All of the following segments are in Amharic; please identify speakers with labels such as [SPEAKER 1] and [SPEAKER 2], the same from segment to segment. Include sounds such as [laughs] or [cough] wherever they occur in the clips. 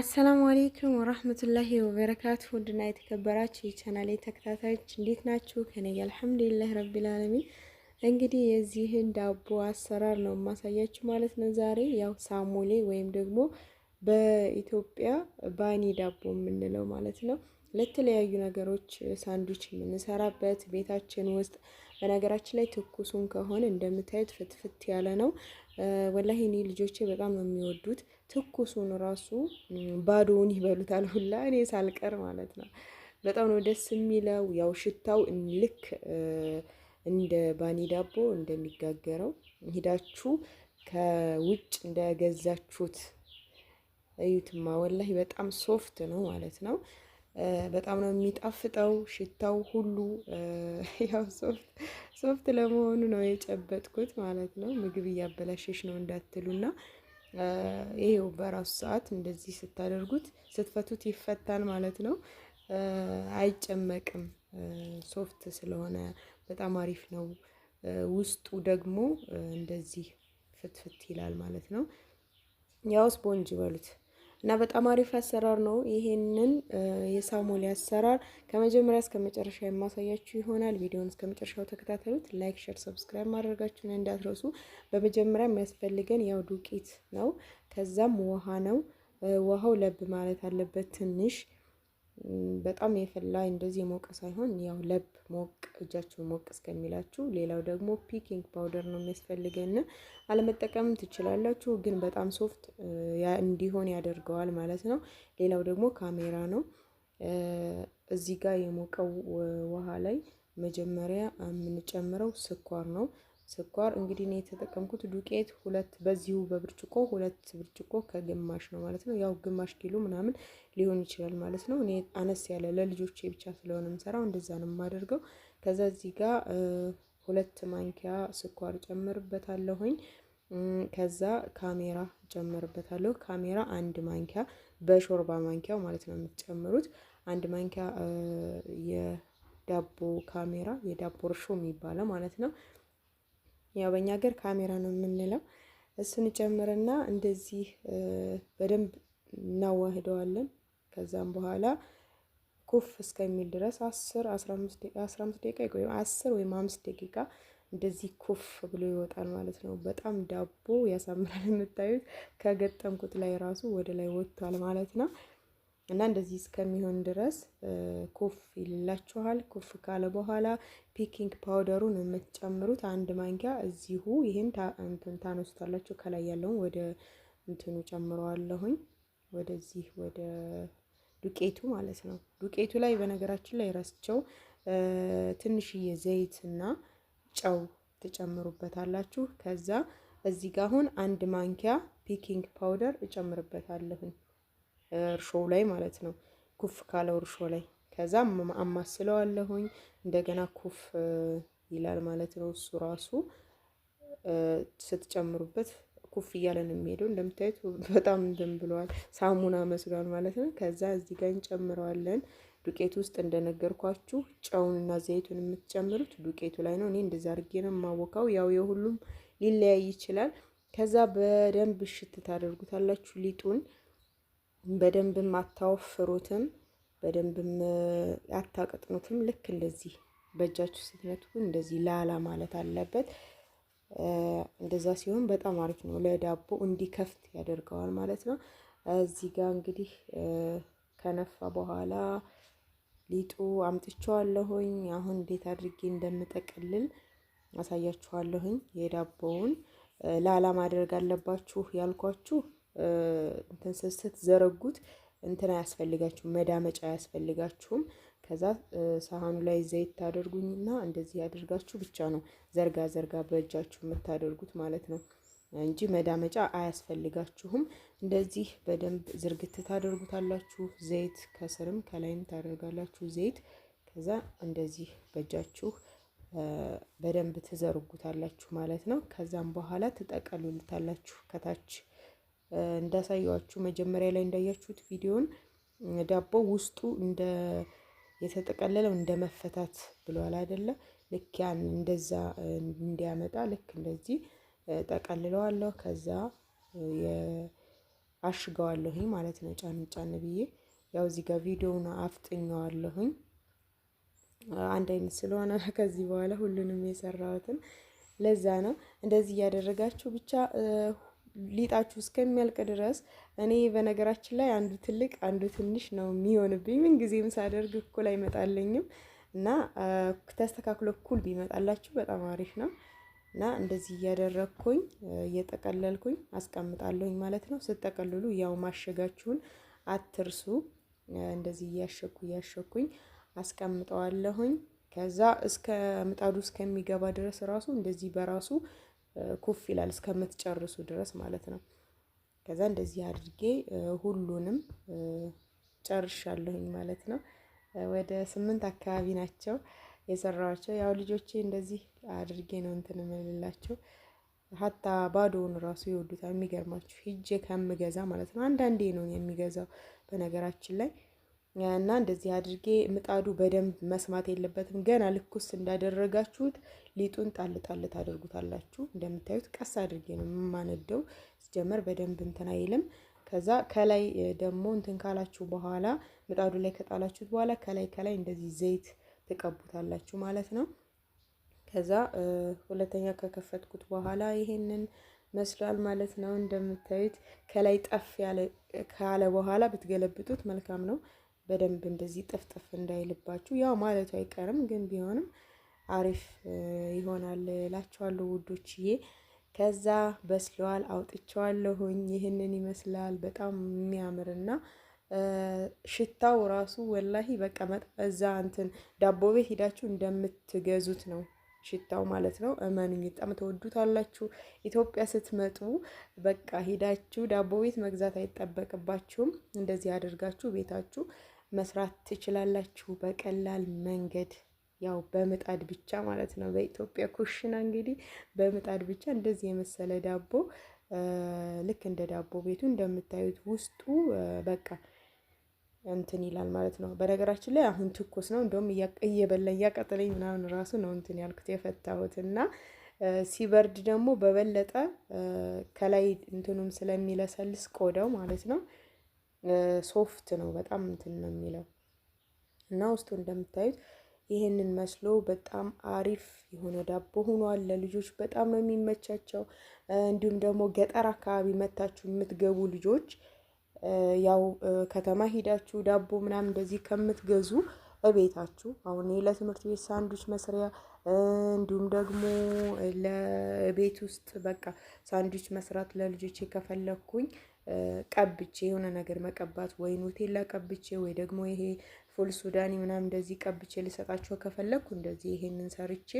[SPEAKER 1] አሰላሙ አሌይኩም ወራህመቱላሂ ወበረካቱ ውድና የተከበራችሁ የቻናሌ ተከታታዮች እንዴት ናችሁ? ከኔ አልሐምዱሊላህ ረቢል እንግዲህ የዚህን ዳቦ አሰራር ነው የማሳያችሁ ማለት ነው ዛሬ። ያው ሳሙሌ ወይም ደግሞ በኢትዮጵያ ባኒ ዳቦ የምንለው ማለት ነው። ለተለያዩ ነገሮች ሳንድዊች የምንሰራበት ቤታችን ውስጥ። በነገራችን ላይ ትኩሱን ከሆነ እንደምታዩት ፍትፍት ያለ ነው። ወላሂ እኔ ልጆቼ በጣም ነው የሚወዱት። ትኩሱን ራሱ ባዶውን ይበሉታል ሁላ እኔ ሳልቀር ማለት ነው። በጣም ነው ደስ የሚለው። ያው ሽታው ልክ እንደ ባኒ ዳቦ እንደሚጋገረው ሂዳችሁ ከውጭ እንደገዛችሁት እዩትማ። ወላሂ በጣም ሶፍት ነው ማለት ነው። በጣም ነው የሚጣፍጠው ሽታው ሁሉ። [laughs] ያው ሶፍት ለመሆኑ ነው የጨበጥኩት ማለት ነው። ምግብ እያበላሸሽ ነው እንዳትሉና ይሄው በራሱ ሰዓት እንደዚህ ስታደርጉት ስትፈቱት ይፈታል ማለት ነው። አይጨመቅም። ሶፍት ስለሆነ በጣም አሪፍ ነው። ውስጡ ደግሞ እንደዚህ ፍትፍት ይላል ማለት ነው። ያው ስፖንጅ በሉት። እና በጣም አሪፍ አሰራር ነው። ይሄንን የሳሞሌ አሰራር ከመጀመሪያ እስከ መጨረሻ የማሳያችሁ ይሆናል። ቪዲዮውን እስከ መጨረሻው ተከታተሉት። ላይክ፣ ሸር፣ ሰብስክራይብ ማድረጋችሁን እንዳትረሱ። በመጀመሪያ የሚያስፈልገን ያው ዱቄት ነው። ከዛም ውሃ ነው። ውሃው ለብ ማለት አለበት ትንሽ በጣም የፈላ እንደዚህ የሞቀ ሳይሆን ያው ለብ ሞቅ እጃችሁ ሞቅ እስከሚላችሁ። ሌላው ደግሞ ፒኪንግ ፓውደር ነው የሚያስፈልገን። አለመጠቀም ትችላላችሁ፣ ግን በጣም ሶፍት እንዲሆን ያደርገዋል ማለት ነው። ሌላው ደግሞ ካሜራ ነው። እዚህ ጋር የሞቀው ውሃ ላይ መጀመሪያ የምንጨምረው ስኳር ነው። ስኳር እንግዲህ እኔ የተጠቀምኩት ዱቄት ሁለት በዚሁ በብርጭቆ ሁለት ብርጭቆ ከግማሽ ነው ማለት ነው። ያው ግማሽ ኪሎ ምናምን ሊሆን ይችላል ማለት ነው። እኔ አነስ ያለ ለልጆቼ ብቻ ስለሆነ የምሰራው እንደዛ ነው የማደርገው። ከዛ እዚህ ጋር ሁለት ማንኪያ ስኳር ጨምርበታለሁኝ። ከዛ ካሜራ ጨምርበታለሁ። ካሜራ አንድ ማንኪያ በሾርባ ማንኪያው ማለት ነው የምትጨምሩት አንድ ማንኪያ የዳቦ ካሜራ የዳቦ እርሾ የሚባለው ማለት ነው ያው በእኛ ሀገር ካሜራ ነው የምንለው። እሱን ጨምርና እንደዚህ በደንብ እናዋህደዋለን። ከዛም በኋላ ኩፍ እስከሚል ድረስ 10 15 ደቂቃ ይቆይ አስር ወይም 5 ደቂቃ እንደዚህ ኩፍ ብሎ ይወጣል ማለት ነው። በጣም ዳቦ ያሳምራል። የምታዩት ከገጠምኩት ላይ ራሱ ወደ ላይ ወጥቷል ማለት ነው። እና እንደዚህ እስከሚሆን ድረስ ኩፍ ይልላችኋል። ኩፍ ካለ በኋላ ፒኪንግ ፓውደሩን የምትጨምሩት አንድ ማንኪያ እዚሁ ይህን እንትን ታነሱታላችሁ። ከላይ ያለውን ወደ እንትኑ ጨምረዋለሁኝ ወደዚህ ወደ ዱቄቱ ማለት ነው። ዱቄቱ ላይ በነገራችን ላይ ረስቸው ትንሽዬ ዘይት እና ጨው ትጨምሩበታላችሁ። ከዛ እዚህ ጋር አሁን አንድ ማንኪያ ፒኪንግ ፓውደር እጨምርበታለሁኝ። እርሾው ላይ ማለት ነው። ኩፍ ካለው እርሾ ላይ ከዛ አማስለዋለሁኝ እንደገና ኩፍ ይላል ማለት ነው። እሱ ራሱ ስትጨምሩበት ኩፍ እያለ ነው የሚሄደው። እንደምታዩት በጣም እንትን ብለዋል፣ ሳሙና መስሏል ማለት ነው። ከዛ እዚህ ጋር እንጨምረዋለን። ዱቄት ውስጥ እንደነገርኳችሁ ጨውንና ዘይቱን የምትጨምሩት ዱቄቱ ላይ ነው። እኔ እንደዛ አድርጌ ነው የማቦካው። ያው የሁሉም ሊለያይ ይችላል። ከዛ በደንብ እሽት ታደርጉታላችሁ ሊጡን በደንብም አታወፍሩትም፣ በደንብም አታቀጥኑትም። ልክ እንደዚህ በእጃችሁ ስትነቱ እንደዚህ ላላ ማለት አለበት። እንደዛ ሲሆን በጣም አሪፍ ነው። ለዳቦ እንዲከፍት ያደርገዋል ማለት ነው። እዚህ ጋር እንግዲህ ከነፋ በኋላ ሊጡ አምጥቼዋለሁኝ። አሁን እንዴት አድርጌ እንደምጠቀልል አሳያችኋለሁኝ። የዳቦውን ላላ ማድረግ አለባችሁ ያልኳችሁ እንትን ስትዘረጉት እንትን አያስፈልጋችሁም፣ መዳመጫ አያስፈልጋችሁም። ከዛ ሳህኑ ላይ ዘይት ታደርጉኝና እንደዚህ ያደርጋችሁ ብቻ ነው ዘርጋ ዘርጋ በእጃችሁ የምታደርጉት ማለት ነው እንጂ መዳመጫ አያስፈልጋችሁም። እንደዚህ በደንብ ዝርግት ታደርጉታላችሁ። ዘይት ከስርም ከላይም ታደርጋላችሁ ዘይት። ከዛ እንደዚህ በእጃችሁ በደንብ ትዘርጉታላችሁ ማለት ነው። ከዛም በኋላ ትጠቀሉልታላችሁ ከታች እንዳሳያችሁ መጀመሪያ ላይ እንዳያችሁት ቪዲዮን ዳቦ ውስጡ እንደ የተጠቀለለው እንደ መፈታት ብለዋል አይደለ? ልክ ያን እንደዛ እንዲያመጣ ልክ እንደዚህ ጠቀልለዋለሁ። ከዛ አሽገዋለሁኝ ማለት ነው። ጫን ጫን ብዬ ያው እዚህ ጋር ቪዲዮውን አፍጥኘዋለሁኝ አንድ አይነት ስለሆነ [laughs] ከዚህ በኋላ ሁሉንም የሰራሁትን ለዛ ነው እንደዚህ እያደረጋችሁ ብቻ ሊጣችሁ እስከሚያልቅ ድረስ እኔ በነገራችን ላይ አንዱ ትልቅ አንዱ ትንሽ ነው የሚሆንብኝ። ምንጊዜም ሳደርግ እኩል አይመጣለኝም እና ተስተካክሎ እኩል ቢመጣላችሁ በጣም አሪፍ ነው እና እንደዚህ እያደረግኩኝ እየጠቀለልኩኝ አስቀምጣለሁኝ ማለት ነው። ስትጠቀልሉ ያው ማሸጋችሁን አትርሱ። እንደዚህ እያሸኩ እያሸኩኝ አስቀምጠዋለሁኝ። ከዛ እስከ ምጣዱ እስከሚገባ ድረስ ራሱ እንደዚህ በራሱ ኩፍ ይላል እስከምትጨርሱ ድረስ ማለት ነው። ከዛ እንደዚህ አድርጌ ሁሉንም ጨርሻለሁኝ ማለት ነው። ወደ ስምንት አካባቢ ናቸው የሰራኋቸው። ያው ልጆቼ እንደዚህ አድርጌ ነው እንትን የምልላቸው ሀታ ባዶውን ራሱ ይወዱታል። የሚገርማችሁ ሂጄ ከምገዛ ማለት ነው። አንዳንዴ ነው የሚገዛው በነገራችን ላይ እና እንደዚህ አድርጌ ምጣዱ በደንብ መስማት የለበትም። ገና ልኩስ እንዳደረጋችሁት ሊጡን ጣል ጣል ታደርጉታላችሁ። እንደምታዩት ቀስ አድርጌ ነው የማነደው። ሲጀመር በደንብ እንትን አይልም። ከዛ ከላይ ደግሞ እንትን ካላችሁ በኋላ ምጣዱ ላይ ከጣላችሁት በኋላ ከላይ ከላይ እንደዚህ ዘይት ትቀቡታላችሁ ማለት ነው። ከዛ ሁለተኛ ከከፈትኩት በኋላ ይሄንን መስሏል ማለት ነው። እንደምታዩት ከላይ ጠፍ ያለ ካለ በኋላ ብትገለብጡት መልካም ነው። በደንብ እንደዚህ ጥፍጥፍ እንዳይልባችሁ ያው ማለቱ አይቀርም፣ ግን ቢሆንም አሪፍ ይሆናል እላችኋለሁ ውዶችዬ። ከዛ በስለዋል አውጥቸዋለሁኝ። ይህንን ይመስላል በጣም የሚያምርና ሽታው ራሱ ወላሂ በቃ እዛ እንትን ዳቦ ቤት ሂዳችሁ እንደምትገዙት ነው ሽታው ማለት ነው። እመኑኝ በጣም ተወዱታላችሁ። ኢትዮጵያ ስትመጡ በቃ ሂዳችሁ ዳቦ ቤት መግዛት አይጠበቅባችሁም። እንደዚህ አድርጋችሁ ቤታችሁ መስራት ትችላላችሁ በቀላል መንገድ ያው በምጣድ ብቻ ማለት ነው። በኢትዮጵያ ኩሽና እንግዲህ በምጣድ ብቻ እንደዚህ የመሰለ ዳቦ ልክ እንደ ዳቦ ቤቱ እንደምታዩት ውስጡ በቃ እንትን ይላል ማለት ነው። በነገራችን ላይ አሁን ትኩስ ነው። እንደውም እየበላ እያቀጠለኝ ምናምን ራሱ ነው እንትን ያልኩት የፈታሁት እና ሲበርድ ደግሞ በበለጠ ከላይ እንትኑም ስለሚለሰልስ ቆዳው ማለት ነው ሶፍት ነው በጣም እንትን ነው የሚለው እና ውስጡ እንደምታዩት ይህንን መስሎ በጣም አሪፍ የሆነ ዳቦ ሆኗል። ለልጆች በጣም ነው የሚመቻቸው። እንዲሁም ደግሞ ገጠር አካባቢ መታችሁ የምትገቡ ልጆች ያው ከተማ ሂዳችሁ ዳቦ ምናምን እንደዚህ ከምትገዙ እቤታችሁ አሁን ለትምህርት ቤት ሳንዱች መስሪያ እንዲሁም ደግሞ ለቤት ውስጥ በቃ ሳንዱች መስራት ለልጆች የከፈለኩኝ ቀብቼ የሆነ ነገር መቀባት ወይ ኑቴላ ቀብቼ ወይ ደግሞ ይሄ ፉል ሱዳኒ ምናምን እንደዚህ ቀብቼ ልሰጣቸው ከፈለግኩ እንደዚህ ይሄንን ሰርቼ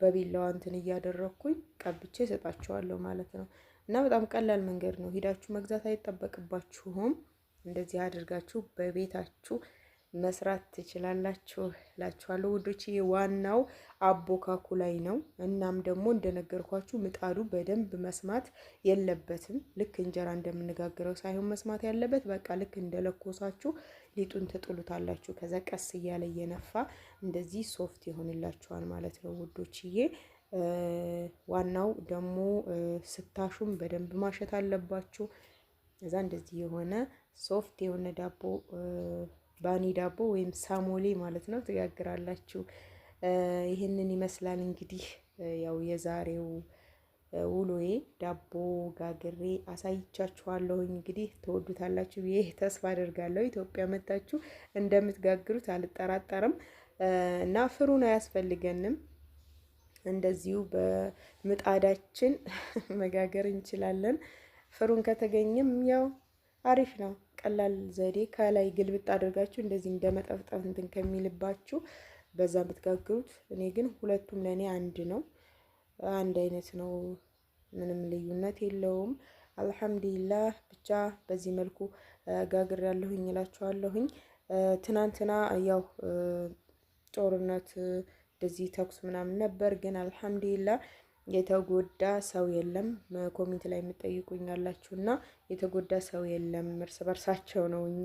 [SPEAKER 1] በቢላዋ እንትን እያደረግኩኝ ቀብቼ እሰጣቸዋለሁ ማለት ነው። እና በጣም ቀላል መንገድ ነው። ሂዳችሁ መግዛት አይጠበቅባችሁም። እንደዚህ አድርጋችሁ በቤታችሁ መስራት ትችላላችሁ ላችኋለሁ ውዶች። ዋናው አቦካኩ ላይ ነው። እናም ደግሞ እንደነገርኳችሁ ምጣዱ በደንብ መስማት የለበትም። ልክ እንጀራ እንደምንጋግረው ሳይሆን መስማት ያለበት በቃ ልክ እንደለኮሳችሁ ሊጡን ትጥሉታላችሁ። ከዛ ቀስ እያለ እየነፋ እንደዚህ ሶፍት ይሆንላችኋል ማለት ነው ውዶችዬ። ዋናው ደግሞ ስታሹም በደንብ ማሸት አለባችሁ። እዛ እንደዚህ የሆነ ሶፍት የሆነ ዳቦ ባኒ ዳቦ ወይም ሳሞሌ ማለት ነው ትጋግራላችሁ። ይህንን ይመስላል እንግዲህ ያው የዛሬው ውሎዬ ዳቦ ጋግሬ አሳይቻችኋለሁኝ። እንግዲህ ተወዱታላችሁ ይህ ተስፋ አደርጋለሁ። ኢትዮጵያ መታችሁ እንደምትጋግሩት አልጠራጠርም እና ፍሩን አያስፈልገንም። እንደዚሁ በምጣዳችን መጋገር እንችላለን። ፍሩን ከተገኘም ያው አሪፍ ነው። ቀላል ዘዴ ከላይ ግልብጥ አድርጋችሁ እንደዚህ እንደመጠፍጠፍ እንትን ከሚልባችሁ በዛ ብትጋግሩት። እኔ ግን ሁለቱም ለእኔ አንድ ነው፣ አንድ አይነት ነው፣ ምንም ልዩነት የለውም። አልሐምዱሊላህ ብቻ በዚህ መልኩ ጋግር ያለሁኝ እላችኋለሁኝ። ትናንትና ያው ጦርነት እንደዚህ ተኩስ ምናምን ነበር፣ ግን አልሐምዱሊላህ የተጎዳ ሰው የለም። ኮሜንት ላይ የምጠይቁኝ ያላችሁ እና የተጎዳ ሰው የለም፣ እርስ በርሳቸው ነው። እኛ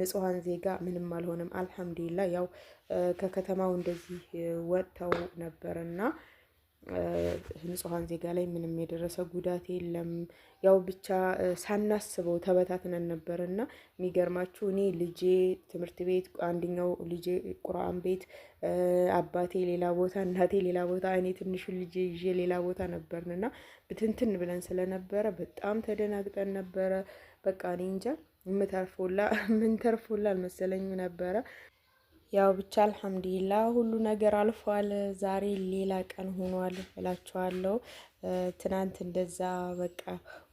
[SPEAKER 1] ንጹሐን ዜጋ ምንም አልሆነም። አልሐምዱሊላ ያው ከከተማው እንደዚህ ወጥተው ነበር እና ንጹሐን ዜጋ ላይ ምንም የደረሰ ጉዳት የለም። ያው ብቻ ሳናስበው ተበታትነን ነበር እና የሚገርማችሁ እኔ ልጄ ትምህርት ቤት አንደኛው ልጄ ቁርአን ቤት፣ አባቴ ሌላ ቦታ፣ እናቴ ሌላ ቦታ፣ እኔ ትንሹ ልጄ ይዤ ሌላ ቦታ ነበርን እና ብትንትን ብለን ስለነበረ በጣም ተደናግጠን ነበረ። በቃ እኔ እንጃ ምንተርፎላ አልመሰለኝም ነበረ። ያው ብቻ አልሐምዱሊላ ሁሉ ነገር አልፏል። ዛሬ ሌላ ቀን ሆኗል እላችኋለሁ። ትናንት እንደዛ በቃ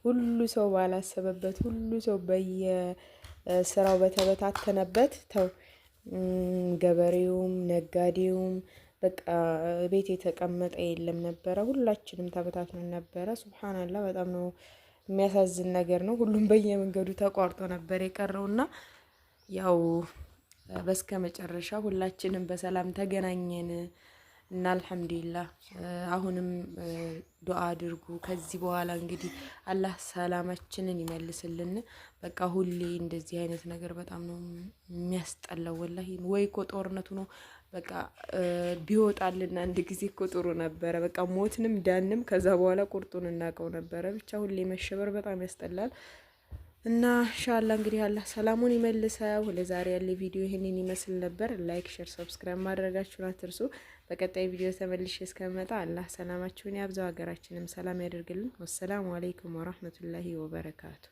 [SPEAKER 1] ሁሉ ሰው ባላሰበበት፣ ሁሉ ሰው በየስራው በተበታተነበት ተው ገበሬውም ነጋዴውም በቃ ቤት የተቀመጠ የለም ነበረ። ሁላችንም ተበታትነን ነበረ። ሱብሃናላ በጣም ነው የሚያሳዝን ነገር ነው። ሁሉም በየመንገዱ ተቋርጦ ነበር የቀረውና ያው በስከ መጨረሻ ሁላችንም በሰላም ተገናኘን እና አልሐምዱሊላህ። አሁንም ዱአ አድርጉ። ከዚህ በኋላ እንግዲህ አላህ ሰላማችንን ይመልስልን። በቃ ሁሌ እንደዚህ አይነት ነገር በጣም ነው የሚያስጠላው። ወላሂ ወይ እኮ ጦርነቱ ነው በቃ ቢወጣልን አንድ ጊዜ እኮ ጥሩ ነበረ። በቃ ሞትንም ዳንም ከዛ በኋላ ቁርጡን እናቀው ነበረ። ብቻ ሁሌ መሸበር በጣም ያስጠላል። እና ሻላ እንግዲህ አላህ ሰላሙን ይመልሰው። ለዛሬ ያለ ቪዲዮ ይህንን ይመስል ነበር። ላይክ፣ ሼር፣ ሰብስክራይብ ማድረጋችሁን አትርሱ። በቀጣይ ቪዲዮ ተመልሼ እስከመጣ አላህ ሰላማችሁን ያብዛው፣ ሀገራችንም ሰላም ያደርግልን። ወሰላሙ አለይኩም ወራህመቱላሂ ወበረካቱ